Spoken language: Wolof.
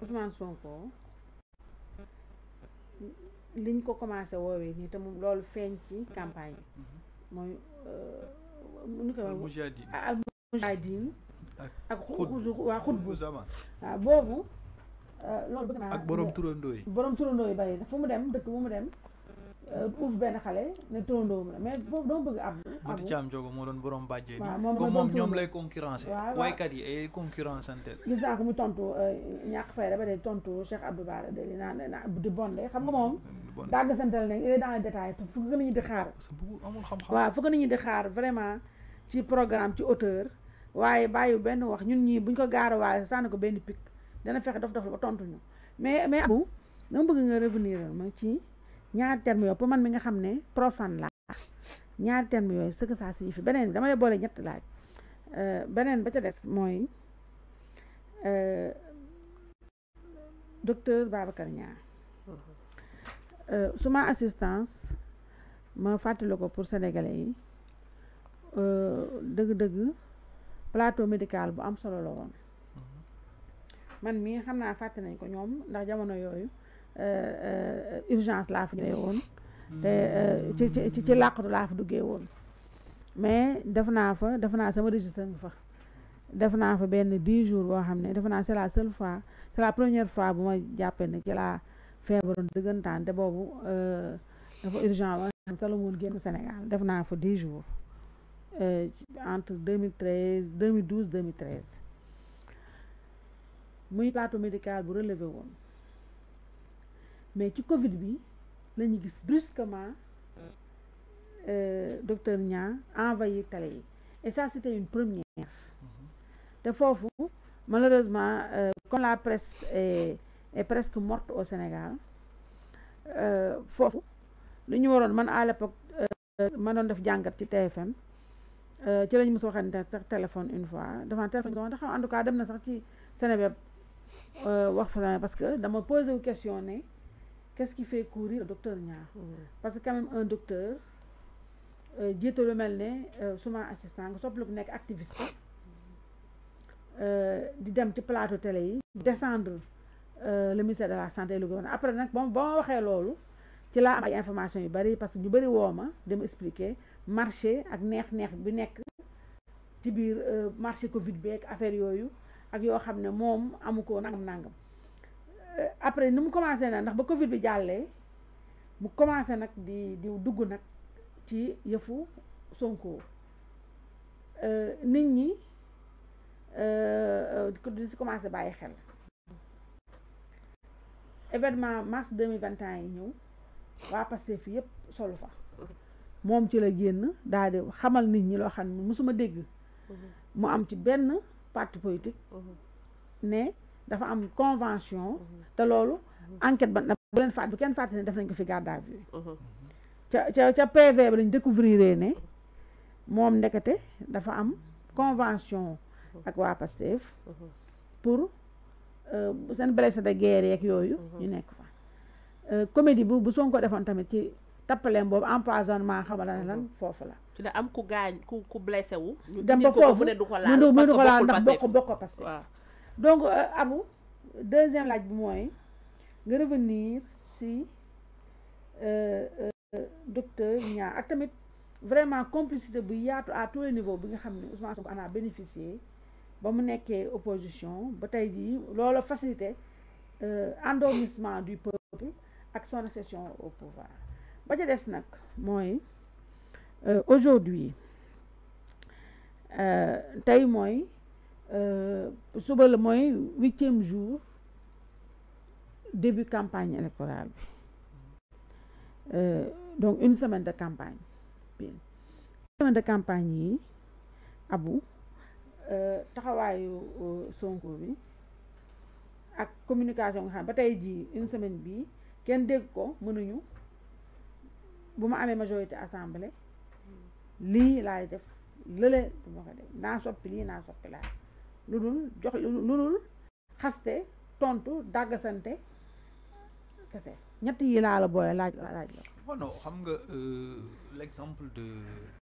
Ousmane Sonko liñ ko commencé woowee nii te moom feeñ ci campagne bi mhm. mooy euh, nu ko al mujahidin ak xuzu waa xutbu waaw boobu euh, loolu bëgg naa ak borom turandoo yi borom turandoo yi bari na fu mu dem dëkk bu mu dem Euh, puuf benn xale ne tondoom la mais foofu dama bëgg ab Mati Thiam Diogo moo doon borom bàjjee bi comme moom ñoom lay concurrencé waykat yi ay concurrence antel gis naa ko mu tontu euh, ñàkk fay ba tey tontu Cheikh Abdou Bara de li naan di bon bonde xam nga moom mm, dagg santel ne il est dans les détails fu ko nañu di xaar amul xam-xam waaw fu ko nañu di xaar vraiment ci programme ci auteur waaye bàyyi benn wax ñun ñii buñ ko gaarawaale sànni ko benn pic dana fexe dof dof la ba tontu ñu mais mais abu dama bëgg nga revenir ma ci ñaari terme yooyu pour man mi nga xam ne profane la ñaari terme yooyu ce que ça fi beneen bi dama lay boole ñetti laaj euh, beneen ba ca des mooy euh, docteur Babacar euh, suma assistance ma fàttali ko pour sénégalais yi dëgg-dëgg plateau médical bu am solo la woon mm-hmm. man mii xam naa fàtte nañ ko ñoom ndax jamono yooyu Euh, euh, urgence laa fa ñëwee woon hmm. euh, ci ci ci làqatu laa fa duggee woon mais def naa fa def naa sama registre nga fa def naa fa benn dix jours boo xam ne def naa c'est la seule fois c'est la première fois bu ma jàppee ne ci la feebaroon dëggantaan te boobu dafa urgent ba nga xam ne génn Sénégal def naa fa dix jours entre 2013 2012 2013 muy plateau médical bu relevé woon. mais ci Covid bi brusquement euh, docteur N'ya envoyé télé et ça c'était une première malheureusement quand euh, la presse est presque morte au Sénégal euh, lu ñu man à l'époque TFM téléphone une fois devant téléphone en tout cas sax ci Sénégal parce que dama posé une question quest qui fait courir le docteur Niang mm. parce que quand un docteur euh, jiite lu mel ne euh, suma assistant nga sopp lu nekk activiste euh, di dem ci plateau télé yi descendre le ministère de la santé lu gouvernement après nag bon ba ma waxee loolu ci laa am ay information yu bari parce que ñu bari woo ma dem expliquer marché ak neex-neex bi nekk ci biir marché Covid bi ak affaire yooyu ak yoo xam ne moom amu ko nangam nangam après ni mu commencé na ndax ba Covid bi jàllee mu commencé nag di di dugg nag ci yëfu Sonko euh, nit ñi euh, di si commencé bàyyi xel événement mars deux mille vingt et yi ñëw waa Pastef fi yëpp solu fa moom ci la génn daal di xamal nit ñi loo xam ne musuma dégg mhm. mu am ci benn parti politique mhm. ne dafa am convention te loolu enquête ba bu leen faat bu kenn fàtte ne def nañ ko fi garde à mhm. ca ca ca PV bi lañ découvrir ne moom ndekete dafa am convention ak waa Pastef mhm. pour euh, seen blessé de guerre yeeg yooyu mhm. ñu nekk fa euh, comédie bu bu ko defoon tamit ci tappaleem boobu empoisonnement xamal ne lan foofu la ci da am ku gaañ ku ku blessé wu dem ba foofu mu ne du ko laal ndax bokk bokk Pastef donc euh, Abou deuxième laaj bi mooy revenir si euh, euh, docteur Nia, ak vraiment complicité bu à tous les niveaux bi nga xam a bénéficié ba mu pour opposition ba facilité endormissement du peuple ak son accession au pouvoir ba ca des aujourd'hui, euh, aujourd'hui tey Euh, suba la mooy huitième jour début campagne électorale bi euh, donc une semaine de campagne bi de campagne yi abu euh, taxawaayu Sonko bi ak communication nga xam ba tey jii une semaine bii kenn dégg ko mënuñu bu ma amee majorité assemblée lii laay def lële du ma ko def naa soppi lii naa soppi laa lu dul jox lu dul xaste tontu dàggasante kese ñett yi laa la booy laaj laaj la non xam nga euh, l'exemple de